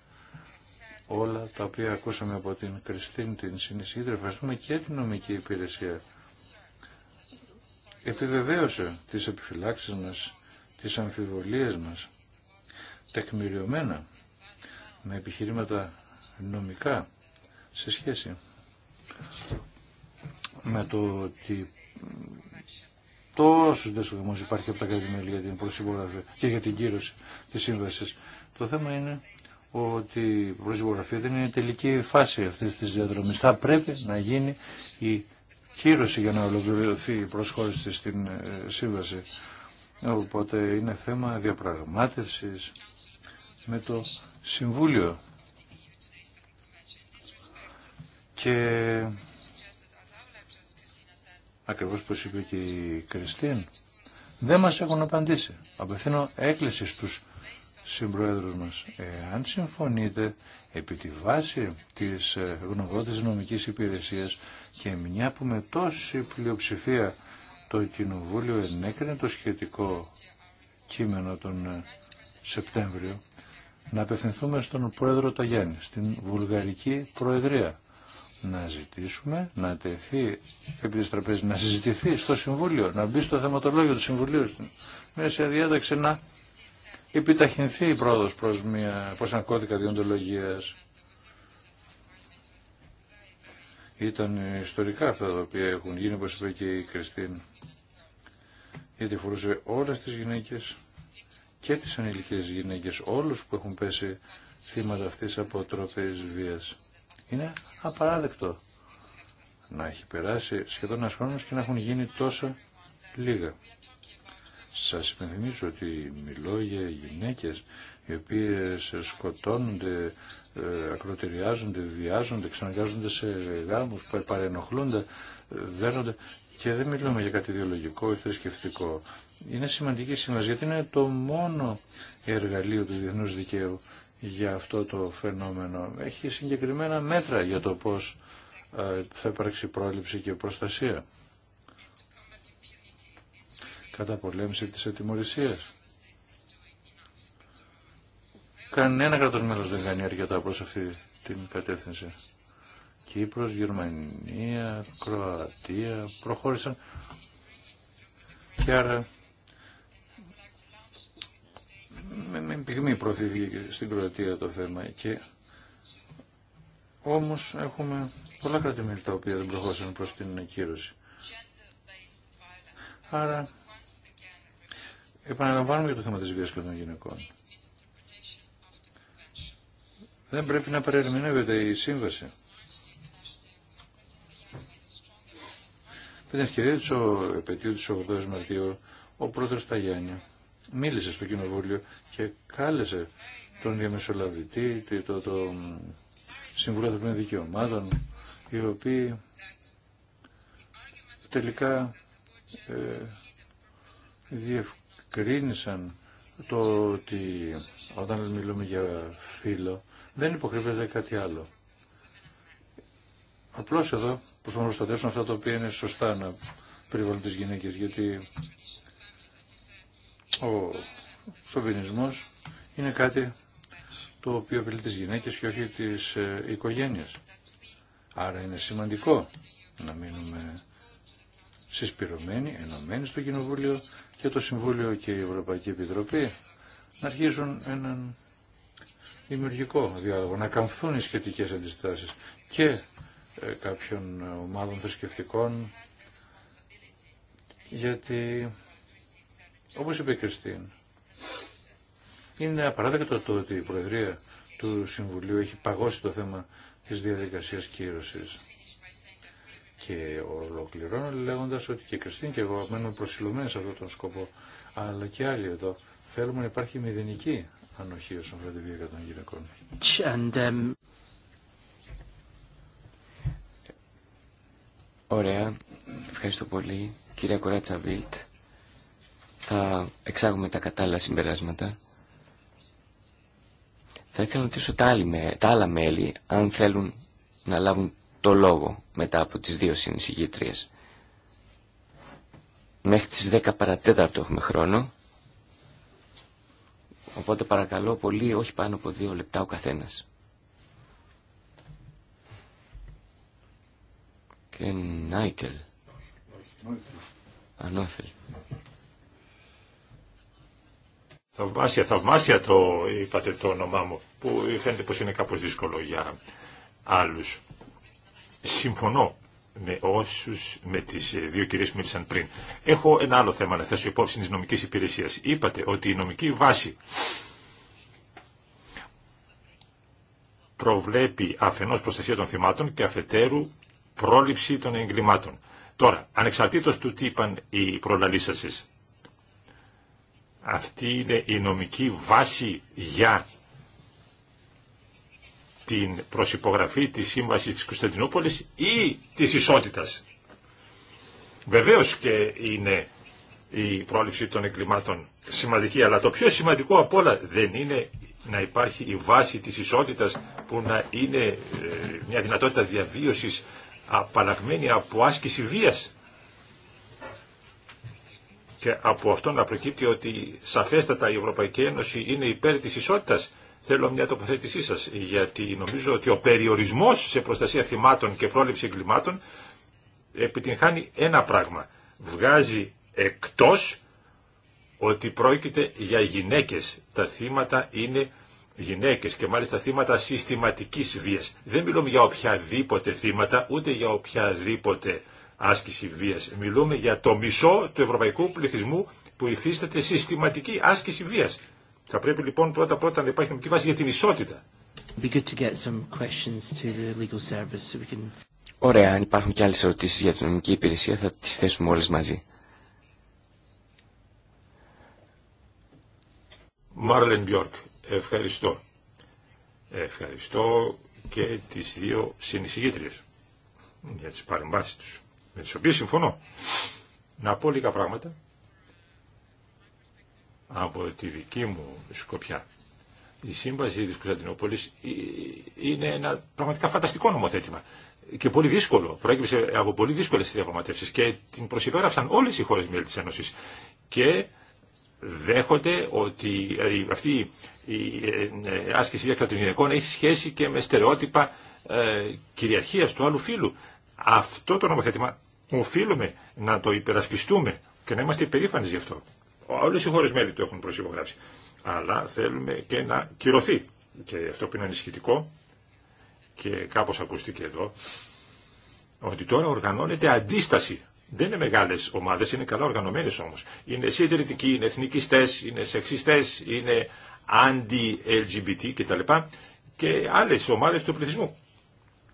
όλα τα οποία ακούσαμε από την Κριστίν, την συνεισήγητρα. Ευχαριστούμε και την νομική υπηρεσία. Επιβεβαίωσε τις επιφυλάξεις μας, τις αμφιβολίες μας, τεκμηριωμένα, με επιχειρήματα νομικά, σε σχέση με το ότι τόσους δεσμούς υπάρχει από τα κατημέρια για την προσυμπογραφή και για την κύρωση της σύμβασης. Το θέμα είναι ότι η προσβογραφία δεν είναι τελική φάση αυτής της διαδρομή. Θα πρέπει να γίνει η κύρωση για να ολοκληρωθεί η προσχώρηση στην ε, σύμβαση. Οπότε είναι θέμα διαπραγμάτευσης με το Συμβούλιο. Και ακριβώς όπως είπε και η Κριστίν, δεν μας έχουν απαντήσει. Απευθύνω έκκληση στους συμπροέδρους μας. Εάν συμφωνείτε επί τη βάση της ε, γνωγότης νομικής υπηρεσίας και μια που με τόση πλειοψηφία το Κοινοβούλιο ενέκρινε το σχετικό κείμενο τον ε, Σεπτέμβριο, να απευθυνθούμε στον Πρόεδρο Ταγιάννη, στην Βουλγαρική Προεδρία, να ζητήσουμε, να τεθεί επί της τραπέζης, να συζητηθεί στο Συμβούλιο, να μπει στο θεματολόγιο του Συμβουλίου, μέσα διάταξη να επιταχυνθεί η πρόοδος προς, μια, προς ένα κώδικα διοντολογίας. Ήταν ιστορικά αυτά τα οποία έχουν γίνει, όπως είπε και η Κριστίν, γιατί φορούσε όλες τις γυναίκες και τις ανηλικές γυναίκες, όλους που έχουν πέσει θύματα αυτής από τρόπες βίας. Είναι απαράδεκτο να έχει περάσει σχεδόν ένας χρόνος και να έχουν γίνει τόσα λίγα. Σας υπενθυμίζω ότι μιλώ για γυναίκες οι οποίες σκοτώνονται, ε, ακροτηριάζονται, βιάζονται, ξαναγκάζονται σε γάμους, παρενοχλούνται, δένονται ε, και δεν μιλούμε για κάτι ιδεολογικό ή θρησκευτικό. Είναι σημαντική σημασία γιατί είναι το μόνο εργαλείο του διεθνούς δικαίου για αυτό το φαινόμενο. Έχει συγκεκριμένα μέτρα για το πώς ε, θα υπάρξει πρόληψη και προστασία καταπολέμηση της ετοιμορρησίας. Κανένα κρατός μέλος δεν κάνει αρκετά προς αυτή την κατεύθυνση. Κύπρος, Γερμανία, Κροατία προχώρησαν και άρα με, με πυγμή προωθήθηκε στην Κροατία το θέμα και όμως έχουμε πολλά κράτη-μέλη τα οποία δεν προχώρησαν προς την ακύρωση. Άρα Επαναλαμβάνουμε για το θέμα της βίας και των γυναικών. Δεν πρέπει να παρερμηνεύεται η σύμβαση. Πριν την ευκαιρία της επαιτίου της 8 Μαρτίου, ο πρόεδρος Ταγιάννη μίλησε στο Κοινοβούλιο και κάλεσε τον διαμεσολαβητή, το, το Συμβουλίο Ανθρωπίνων Δικαιωμάτων, οι οποίοι τελικά ε, διευκολύνουν διευκρίνησαν το ότι όταν μιλούμε για φίλο δεν υποκρύπτεται κάτι άλλο. Απλώς εδώ προσπαθούμε να προστατεύσουμε αυτά τα οποία είναι σωστά να περιβάλλουν τις γυναίκες γιατί ο σοβινισμός είναι κάτι το οποίο απειλεί τις γυναίκες και όχι τις ε, οικογένειες. Άρα είναι σημαντικό να μείνουμε συσπηρωμένοι, ενωμένοι στο Κοινοβούλιο και το Συμβούλιο και η Ευρωπαϊκή Επιτροπή να αρχίσουν έναν δημιουργικό διάλογο, να καμφθούν οι σχετικές αντιστάσεις και ε, κάποιων ομάδων θρησκευτικών γιατί όπως είπε η Κριστίν είναι απαράδεκτο το ότι η Προεδρία του Συμβουλίου έχει παγώσει το θέμα της διαδικασίας κύρωσης. Και ολοκληρώνω λέγοντα ότι και η Κριστίν και εγώ μένουμε προσιλωμένοι σε αυτόν τον σκοπό, αλλά και άλλοι εδώ. Θέλουμε να υπάρχει μηδενική ανοχή όσον αφορά τη βία των γυναικών. Ωραία. Ευχαριστώ πολύ. Κυρία Κοράτσα Βίλτ, θα εξάγουμε τα κατάλληλα συμπεράσματα. Θα ήθελα να ρωτήσω τα, τα άλλα μέλη αν θέλουν να λάβουν το λόγο μετά από τις δύο συνεισηγήτριες. Μέχρι τις 10 παρατέταρτο έχουμε χρόνο. Οπότε παρακαλώ πολύ, όχι πάνω από δύο λεπτά ο καθένας. Και Νάικελ. Ανώφελ. Θαυμάσια, θαυμάσια το είπατε το όνομά μου, που φαίνεται πως είναι κάπως δύσκολο για άλλους συμφωνώ με όσους, με τις ε, δύο κυρίες που μίλησαν πριν. Έχω ένα άλλο θέμα να θέσω υπόψη τη νομικής υπηρεσίας. Είπατε ότι η νομική βάση προβλέπει αφενός προστασία των θυμάτων και αφετέρου πρόληψη των εγκλημάτων. Τώρα, ανεξαρτήτως του τι είπαν οι προλαλήσασες, αυτή είναι η νομική βάση για την προσυπογραφή της σύμβαση της Κωνσταντινούπολης ή της ισότητας. Βεβαίως και είναι η πρόληψη των εγκλημάτων σημαντική, αλλά το πιο σημαντικό από όλα δεν είναι να υπάρχει η βάση της ισότητας που να είναι ε, μια δυνατότητα διαβίωσης απαλλαγμένη από άσκηση βίας. Και από αυτό να προκύπτει ότι σαφέστατα η Ευρωπαϊκή Ένωση είναι υπέρ της ισότητας θέλω μια τοποθέτησή σας, γιατί νομίζω ότι ο περιορισμός σε προστασία θυμάτων και πρόληψη εγκλημάτων επιτυγχάνει ένα πράγμα. Βγάζει εκτός ότι πρόκειται για γυναίκες. Τα θύματα είναι γυναίκες και μάλιστα θύματα συστηματικής βίας. Δεν μιλούμε για οποιαδήποτε θύματα, ούτε για οποιαδήποτε άσκηση βίας. Μιλούμε για το μισό του ευρωπαϊκού πληθυσμού που υφίσταται συστηματική άσκηση βίας. Θα πρέπει λοιπόν πρώτα πρώτα να υπάρχει νομική βάση για την ισότητα. Ωραία, αν υπάρχουν και άλλες ερωτήσεις για την νομική υπηρεσία θα τις θέσουμε όλες μαζί. Μάρλεν Μπιόρκ, ευχαριστώ. Ευχαριστώ και τις δύο συνεισηγήτριες για τις παρεμβάσεις τους, με τις οποίες συμφωνώ. Να πω λίγα πράγματα από τη δική μου σκοπιά. Η σύμβαση της Κωνσταντινούπολης είναι ένα πραγματικά φανταστικό νομοθέτημα και πολύ δύσκολο. Προέκυψε από πολύ δύσκολες διαπραγματεύσεις και την προσυπέραψαν όλες οι χώρες μέλη της Ένωσης και δέχονται ότι δηλαδή, αυτή η ε, άσκηση για έχει σχέση και με στερεότυπα ε, κυριαρχίας του άλλου φύλου. Αυτό το νομοθέτημα οφείλουμε να το υπερασπιστούμε και να είμαστε υπερήφανοι γι' αυτό. Όλε οι χώρε μέλη το έχουν προσυπογράψει. Αλλά θέλουμε και να κυρωθεί. Και αυτό που είναι ανησυχητικό και κάπως ακούστηκε εδώ, ότι τώρα οργανώνεται αντίσταση. Δεν ειναι μεγάλε ομάδε, ομάδες, είναι οργανωμένε όμω. όμως. Είναι συντηρητικοί, είναι εθνικιστές, είναι σεξιστές, είναι αντι-LGBT κτλ. Και άλλε ομάδε του πληθυσμού.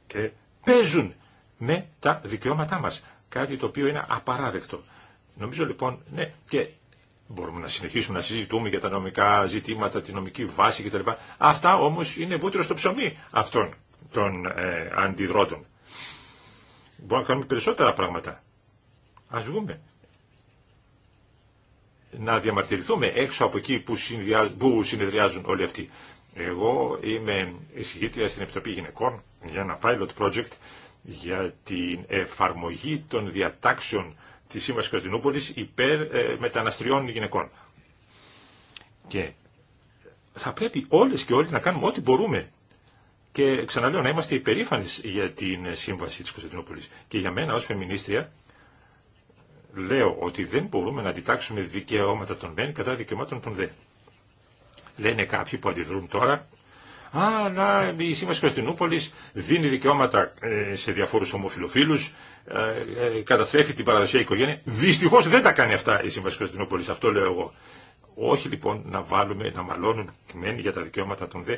Και παίζουν με τα δικαιώματά μα. Κάτι το οποίο είναι απαράδεκτο. Νομίζω λοιπόν, ναι, και Μπορούμε να συνεχίσουμε να συζητούμε για τα νομικά ζητήματα, τη νομική βάση κτλ. Αυτά όμως είναι βούτυρο στο ψωμί αυτών των ε, Μπορούμε να κάνουμε περισσότερα πράγματα. Ας βγούμε. Να διαμαρτυρηθούμε έξω από εκεί που, που συνεδριάζουν όλοι αυτοί. Εγώ είμαι εισηγήτρια στην Επιτροπή Γυναικών για ένα pilot project για την εφαρμογή των διατάξεων τη Σύμβαση Κωνσταντινούπολη υπέρ ε, μεταναστριών γυναικών. Και θα πρέπει όλε και όλοι να κάνουμε ό,τι μπορούμε. Και ξαναλέω να είμαστε υπερήφανοι για την Σύμβαση τη Κωνσταντινούπολη. Και για μένα ω φεμινίστρια λέω ότι δεν μπορούμε να αντιτάξουμε δικαιώματα των μεν κατά δικαιωμάτων των δε. Λένε κάποιοι που αντιδρούν τώρα Α, να, η Σύμβαση Κωνσταντινούπολης δίνει δικαιώματα ε, σε διαφόρους ομοφιλοφίλους, ε, ε, καταστρέφει την παραδοσιακή οικογένεια. Δυστυχώς δεν τα κάνει αυτά η Σύμβαση Κωνσταντινούπολης, αυτό λέω εγώ. Όχι λοιπόν να βάλουμε, να μαλώνουν κειμένοι για τα δικαιώματα των δε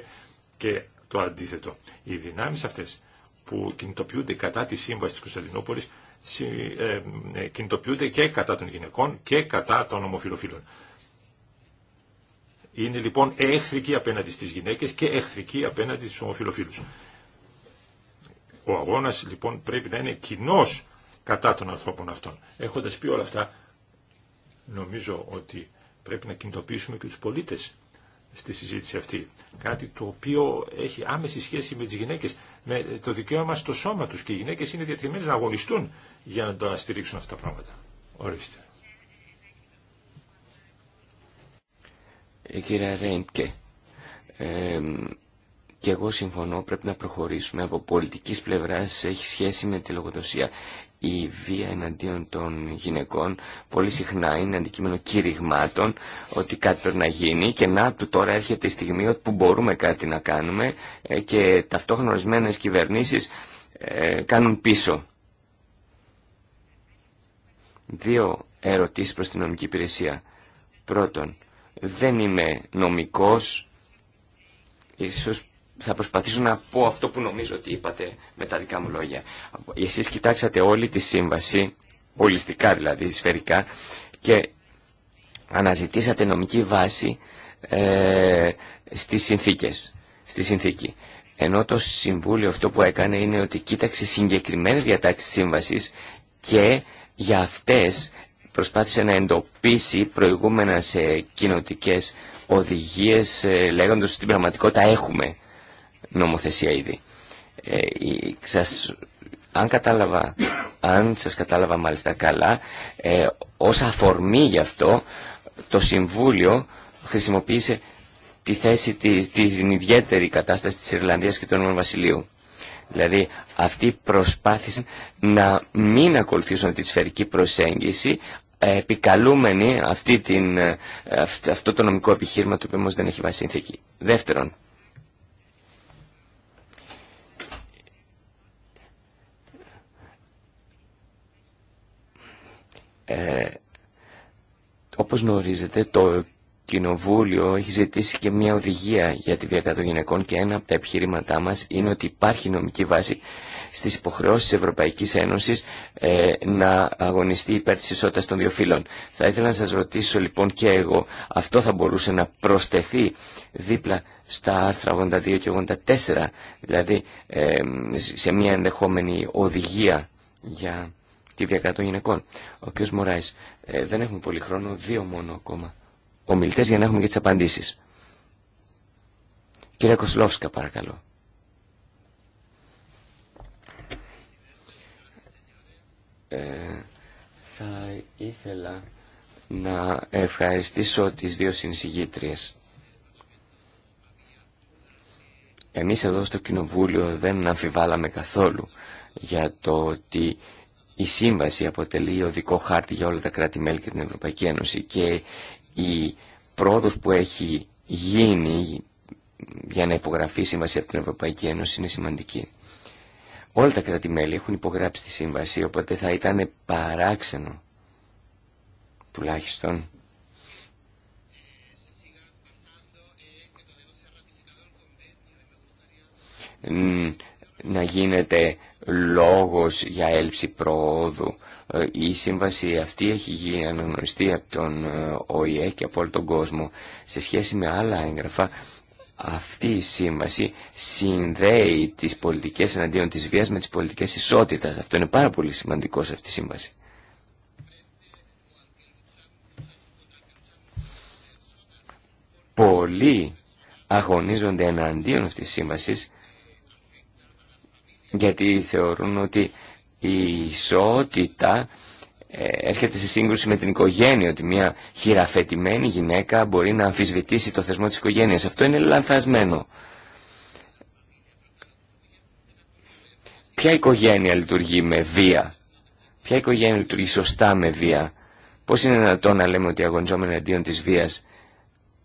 και το αντίθετο. Οι δυνάμεις αυτές που κινητοποιούνται κατά τη Σύμβαση της Κωνσταντινούπολης κινητοποιούνται και κατά των γυναικών και κατά των ομοφιλοφίλων. Είναι λοιπόν εχθρική απέναντι στις γυναίκες και εχθρική απέναντι στους ομοφιλοφίλους. Ο αγώνας λοιπόν πρέπει να είναι κοινό κατά των ανθρώπων αυτών. Έχοντας πει όλα αυτά, νομίζω ότι πρέπει να κινητοποιήσουμε και τους πολίτες στη συζήτηση αυτή. Κάτι το οποίο έχει άμεση σχέση με τις γυναίκες, με το δικαίωμα στο σώμα τους και οι γυναίκες είναι διατηρημένες να αγωνιστούν για να το στηρίξουν αυτά τα πράγματα. Ορίστε. Ε, κύριε Ρέιντκε, και εγώ συμφωνώ πρέπει να προχωρήσουμε από πολιτικής πλευράς έχει σχέση με τη λογοδοσία. Η βία εναντίον των γυναικών πολύ συχνά είναι αντικείμενο κηρυγμάτων ότι κάτι πρέπει να γίνει και να του τώρα έρχεται η στιγμή που μπορούμε κάτι να κάνουμε ε, και ταυτόχρονα ορισμένε κυβερνήσεις ε, κάνουν πίσω. Δύο ερωτήσεις προς την νομική υπηρεσία. Πρώτον, δεν είμαι νομικός. Ίσως θα προσπαθήσω να πω αυτό που νομίζω ότι είπατε με τα δικά μου λόγια. Εσείς κοιτάξατε όλη τη σύμβαση, ολιστικά δηλαδή, σφαιρικά, και αναζητήσατε νομική βάση ε, στις συνθήκες, στη συνθήκη. Ενώ το Συμβούλιο αυτό που έκανε είναι ότι κοίταξε συγκεκριμένες διατάξεις σύμβασης και για αυτές προσπάθησε να εντοπίσει προηγούμενα σε κοινοτικές οδηγίες ε, λέγοντας ότι στην πραγματικότητα έχουμε νομοθεσία ήδη. Ε, αν, κατάλαβα, αν σας κατάλαβα μάλιστα καλά, ε, ως αφορμή γι' αυτό το Συμβούλιο χρησιμοποίησε τη θέση, τη, την ιδιαίτερη κατάσταση της Ιρλανδίας και του Ενωμένου Βασιλείου. Δηλαδή αυτοί προσπάθησαν να μην ακολουθήσουν τη σφαιρική προσέγγιση επικαλούμενοι αυτή την, ε, αυτό το νομικό επιχείρημα το οποίο όμως δεν έχει βάσει συνθήκη. Δεύτερον, ε, όπως γνωρίζετε το Κοινοβούλιο έχει ζητήσει και μια οδηγία για τη βία γυναικών και ένα από τα επιχειρήματά μας είναι ότι υπάρχει νομική βάση στις υποχρεώσεις της Ευρωπαϊκής Ένωσης ε, να αγωνιστεί υπέρ της ισότητας των δύο φύλων. Θα ήθελα να σας ρωτήσω λοιπόν και εγώ, αυτό θα μπορούσε να προστεθεί δίπλα στα άρθρα 82 και 84, δηλαδή σε μια ενδεχόμενη οδηγία για τη βία των γυναικών. Ο κ. Μωράης, ε, δεν έχουμε πολύ χρόνο, δύο μόνο ακόμα ομιλητές για να έχουμε και τις απαντήσεις. Κύριε Κοσλόφσκα, παρακαλώ. Ε, θα ήθελα να ευχαριστήσω τις δύο συνσηγήτριες. Εμείς εδώ στο Κοινοβούλιο δεν αμφιβάλαμε καθόλου για το ότι η Σύμβαση αποτελεί οδικό χάρτη για όλα τα κράτη-μέλη και την Ευρωπαϊκή Ένωση και η πρόοδος που έχει γίνει για να υπογραφεί η σύμβαση από την Ευρωπαϊκή Ένωση είναι σημαντική. Όλα τα κράτη-μέλη έχουν υπογράψει τη σύμβαση, οπότε θα ήταν παράξενο, τουλάχιστον, να γίνεται λόγος για έλψη προόδου ε, η σύμβαση αυτή έχει γίνει αναγνωριστή από τον ε, ΟΗΕ και από όλο τον κόσμο. Σε σχέση με άλλα έγγραφα, αυτή η σύμβαση συνδέει τις πολιτικές εναντίον της βίας με τις πολιτικές ισότητας. Αυτό είναι πάρα πολύ σημαντικό σε αυτή τη σύμβαση. Πολλοί αγωνίζονται εναντίον αυτής της σύμβασης γιατί θεωρούν ότι η ισότητα ε, έρχεται σε σύγκρουση με την οικογένεια, ότι μια χειραφετημένη γυναίκα μπορεί να αμφισβητήσει το θεσμό της οικογένειας. Αυτό είναι λανθασμένο. Ποια οικογένεια λειτουργεί με βία, ποια οικογένεια λειτουργεί σωστά με βία, πώς είναι το να λέμε ότι αγωνιζόμενοι αντίον της βίας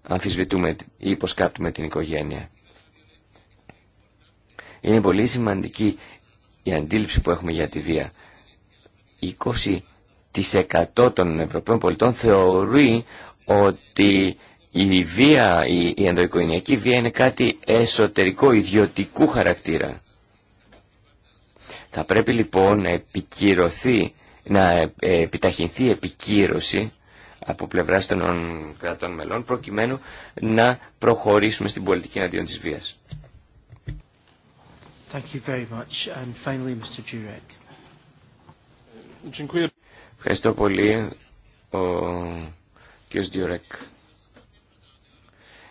αμφισβητούμε ή υποσκάπτουμε την οικογένεια. Είναι πολύ σημαντική η αντίληψη που έχουμε για τη βία. 20% των Ευρωπαίων πολιτών θεωρεί ότι η βία, η ενδοοικογενειακή βία είναι κάτι εσωτερικό, ιδιωτικού χαρακτήρα. Θα πρέπει λοιπόν να να ε, ε, επιταχυνθεί επικύρωση από πλευράς των κρατών μελών προκειμένου να προχωρήσουμε στην πολιτική αντίον της βίας. Thank you very much. And finally, Mr. Jurek. πολύ, ο κ. Διουρέκ.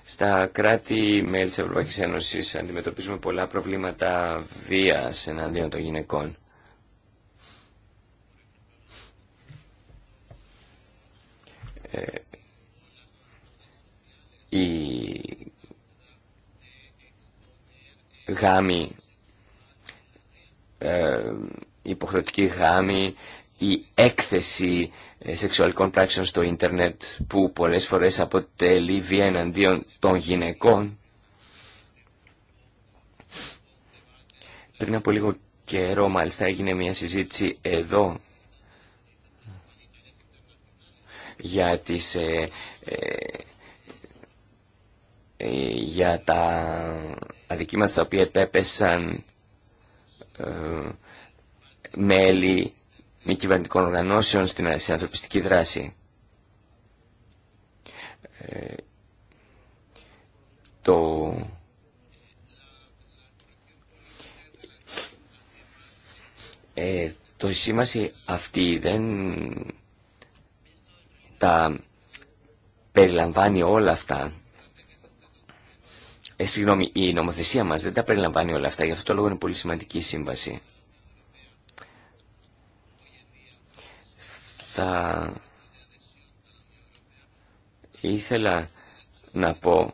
Στα κράτη-μέλη της Ευρωπαϊκής Ένωσης αντιμετωπίζουμε πολλά προβλήματα βίας εναντίον των γυναικών. Ε, οι γάμοι η ε, υποχρεωτική γάμη, η έκθεση ε, σεξουαλικών πράξεων στο ίντερνετ που πολλές φορές αποτελεί βία εναντίον των γυναικών. Πριν από λίγο καιρό μάλιστα έγινε μια συζήτηση εδώ για τις ε, για τα αδικήματα τα οποία επέπεσαν ε, μέλη μη κυβερνητικών οργανώσεων στην ανθρωπιστική δράση. Ε, το... Ε, το σήμαση αυτή δεν τα περιλαμβάνει όλα αυτά ε, συγγνώμη, η νομοθεσία μας δεν τα περιλαμβάνει όλα αυτά, γι' αυτό το λόγο είναι πολύ σημαντική η σύμβαση. Θα ήθελα να πω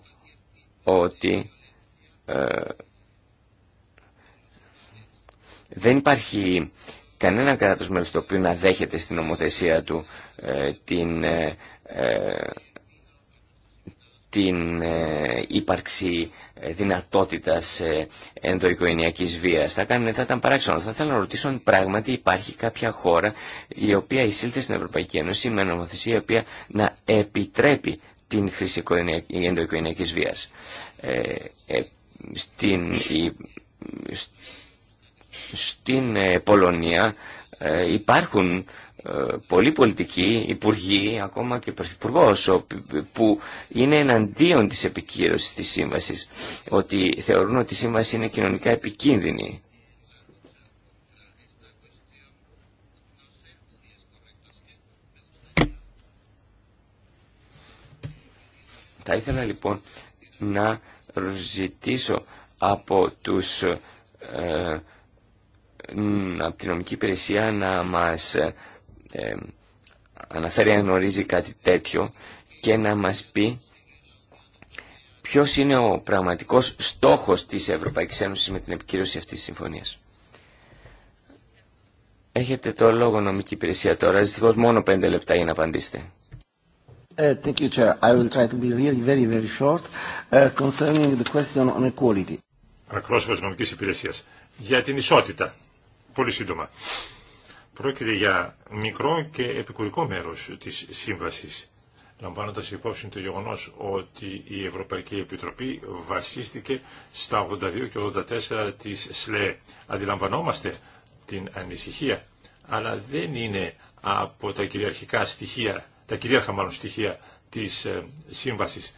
ότι ε, δεν υπάρχει κανένα κράτος μέλος το οποίο να δέχεται στην νομοθεσία του ε, την ε, την ε, ύπαρξη ε, δυνατότητας ε, ενδοοικογενειακής βίας. Θα, θα ήταν παράξενο. Θα ήθελα να ρωτήσω αν πράγματι υπάρχει κάποια χώρα η οποία εισήλθε στην Ευρωπαϊκή Ένωση με νομοθεσία η οποία να επιτρέπει την χρήση ενδοοικογενειακής βίας. Ε, στην, στην Πολωνία ε, υπάρχουν ε, πολλοί πολιτικοί, υπουργοί, ακόμα και πρωθυπουργό, που είναι εναντίον της επικύρωσης της σύμβασης, ότι θεωρούν ότι η σύμβαση είναι κοινωνικά επικίνδυνη. Θα ήθελα λοιπόν να ζητήσω από τους ε, από την νομική υπηρεσία να μας ε, ε, αναφέρει αν γνωρίζει κάτι τέτοιο και να μας πει ποιος είναι ο πραγματικός στόχος της Ευρωπαϊκής Ένωσης με την επικύρωση αυτής της συμφωνίας. Έχετε το λόγο νομική υπηρεσία τώρα, δυστυχώ μόνο πέντε λεπτά για να απαντήσετε. Ε, thank you, Chair. I to be really very, very short ε, concerning the question on equality. νομικής υπηρεσίας. Για την ισότητα πολύ σύντομα. Πρόκειται για μικρό και επικουρικό μέρος της σύμβασης, λαμβάνοντας υπόψη το γεγονός ότι η Ευρωπαϊκή Επιτροπή βασίστηκε στα 82 και 84 της ΣΛΕ. Αντιλαμβανόμαστε την ανησυχία, αλλά δεν είναι από τα κυριαρχικά στοιχεία, τα κυρίαρχα μάλλον στοιχεία της ε, σύμβασης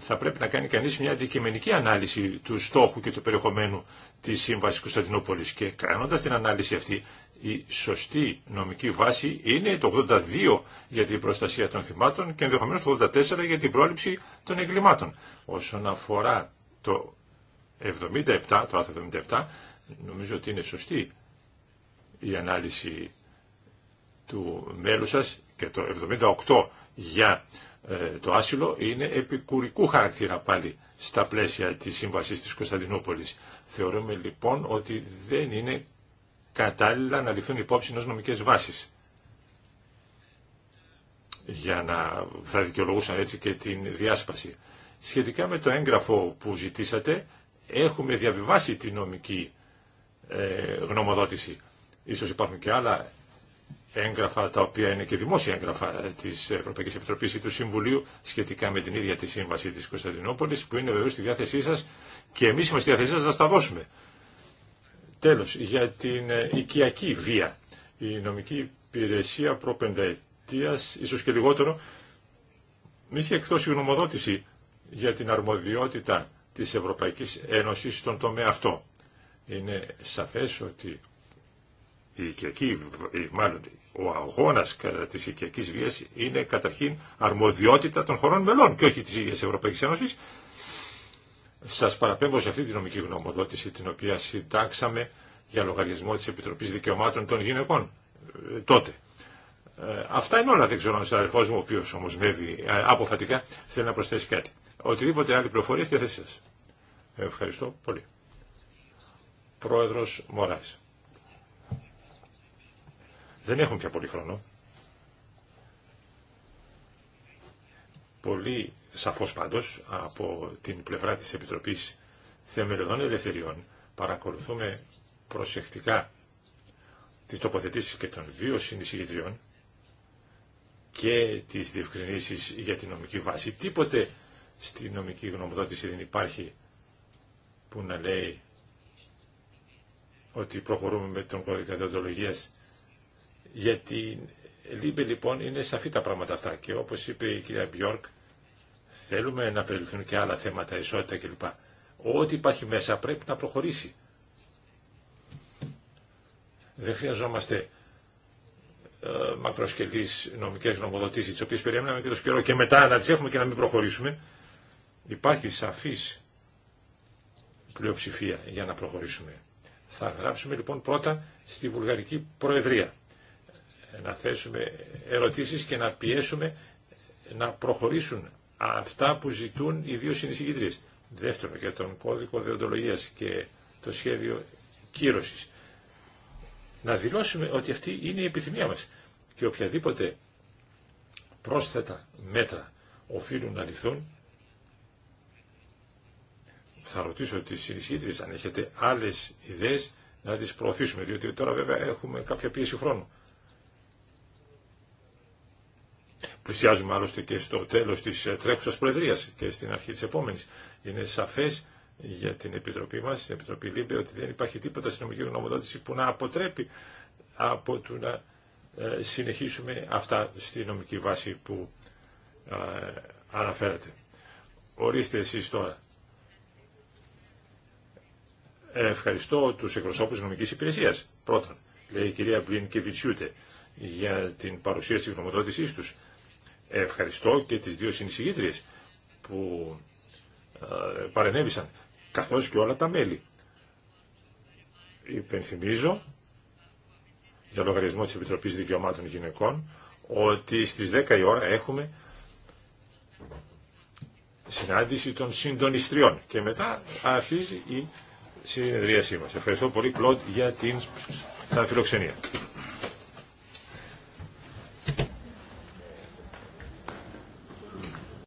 θα πρέπει να κάνει κανείς μια αντικειμενική ανάλυση του στόχου και του περιεχομένου της Σύμβασης Κωνσταντινούπολης και κάνοντας την ανάλυση αυτή η σωστή νομική βάση είναι το 82 για την προστασία των θυμάτων και ενδεχομένως το 84 για την πρόληψη των εγκλημάτων. Όσον αφορά το 77, το 77, νομίζω ότι είναι σωστή η ανάλυση του μέλου σας και το 78 για ε, το άσυλο είναι επικουρικού χαρακτήρα πάλι στα πλαίσια της Σύμβασης της Κωνσταντινούπολης. Θεωρούμε λοιπόν ότι δεν είναι κατάλληλα να ληφθούν υπόψη ως νομικές βάσεις για να θα δικαιολογούσαν έτσι και την διάσπαση. Σχετικά με το έγγραφο που ζητήσατε, έχουμε διαβιβάσει τη νομική ε, γνωμοδότηση. Ίσως υπάρχουν και άλλα έγγραφα τα οποία είναι και δημόσια έγγραφα ε, της Ευρωπαϊκής Επιτροπής ή του Συμβουλίου σχετικά με την ίδια τη σύμβαση της Κωνσταντινούπολης που είναι βεβαίως στη διάθεσή σας και εμείς είμαστε στη διάθεσή σας να τα δώσουμε. Τέλος, για την ε, οικιακή βία. Η νομική υπηρεσία προπενταετίας, ίσως και λιγότερο, είχε εκδώσει γνωμοδότηση για την αρμοδιότητα της Ευρωπαϊκής Ένωσης στον τομέα αυτό. Είναι σαφές ότι η οικιακή, μάλλον ο αγώνας κατά της οικιακής βίας είναι καταρχήν αρμοδιότητα των χωρών μελών και όχι της ίδιας Ευρωπαϊκής Ένωσης. Σας παραπέμπω σε αυτή τη νομική γνωμοδότηση την οποία συντάξαμε για λογαριασμό της Επιτροπής Δικαιωμάτων των Γυναικών ε, τότε. Ε, αυτά είναι όλα, δεν ξέρω αν ο αδερφός μου, ο οποίος όμως μεύει αποφατικά, θέλει να προσθέσει κάτι. Οτιδήποτε άλλη πληροφορία στη θέση σας. Ευχαριστώ πολύ. Πρόεδρος Μωράς. Δεν έχουμε πια πολύ χρόνο. Πολύ σαφώς πάντως από την πλευρά της Επιτροπής Θεμελιωδών Ελευθεριών παρακολουθούμε προσεκτικά τις τοποθετήσεις και των δύο συνεισηγητριών και τις διευκρινήσεις για την νομική βάση. Τίποτε στη νομική γνωμοδότηση δεν υπάρχει που να λέει ότι προχωρούμε με τον κώδικα διοντολογίας για την Λίμπε λοιπόν είναι σαφή τα πράγματα αυτά και όπως είπε η κυρία Μπιόρκ θέλουμε να περιληφθούν και άλλα θέματα, ισότητα κλπ. Ό,τι υπάρχει μέσα πρέπει να προχωρήσει. Δεν χρειαζόμαστε ε, μακροσκελείς νομικές νομοδοτήσεις τις οποίες περιέμεναμε και το καιρό και μετά να τις έχουμε και να μην προχωρήσουμε. Υπάρχει σαφής πλειοψηφία για να προχωρήσουμε. Θα γράψουμε λοιπόν πρώτα στη Βουλγαρική Προεδρία να θέσουμε ερωτήσεις και να πιέσουμε να προχωρήσουν αυτά που ζητούν οι δύο συνεισηγητρίες. Δεύτερον, για τον κώδικο δεοντολογίας και το σχέδιο κύρωσης. Να δηλώσουμε ότι αυτή είναι η επιθυμία μας και οποιαδήποτε πρόσθετα μέτρα οφείλουν να ληφθούν. Θα ρωτήσω τις συνεισχύτριες αν έχετε άλλες ιδέες να τις προωθήσουμε, διότι τώρα βέβαια έχουμε κάποια πίεση χρόνου. Πλησιάζουμε άλλωστε και στο τέλο τη ε, τρέχουσα Προεδρία και στην αρχή τη Επόμενη. Είναι σαφέ για την Επιτροπή μα την Επιτροπή ΛΥΜΠΕ, ότι δεν υπάρχει τίποτα στην νομική γνωμοδότηση που να αποτρέπει από το να ε, συνεχίσουμε αυτά στη νομική βάση που ε, αναφέρατε. Ορίστε εσείς τώρα. Ευχαριστώ τους εκπροσώπους νομικής υπηρεσίας. Πρώτον, λέει η κυρία Μπλίνκεβιτσιούτε για την παρουσίαση γνωμοδότησής τους. Ευχαριστώ και τις δύο συνεισηγήτριες που ε, παρενέβησαν, καθώς και όλα τα μέλη. Υπενθυμίζω, για λογαριασμό της Επιτροπής Δικαιωμάτων Γυναικών, ότι στις 10 η ώρα έχουμε συνάντηση των συντονιστριών και μετά αρχίζει η συνεδρίασή μας. Ευχαριστώ πολύ, Κλοντ, για την φιλοξενία.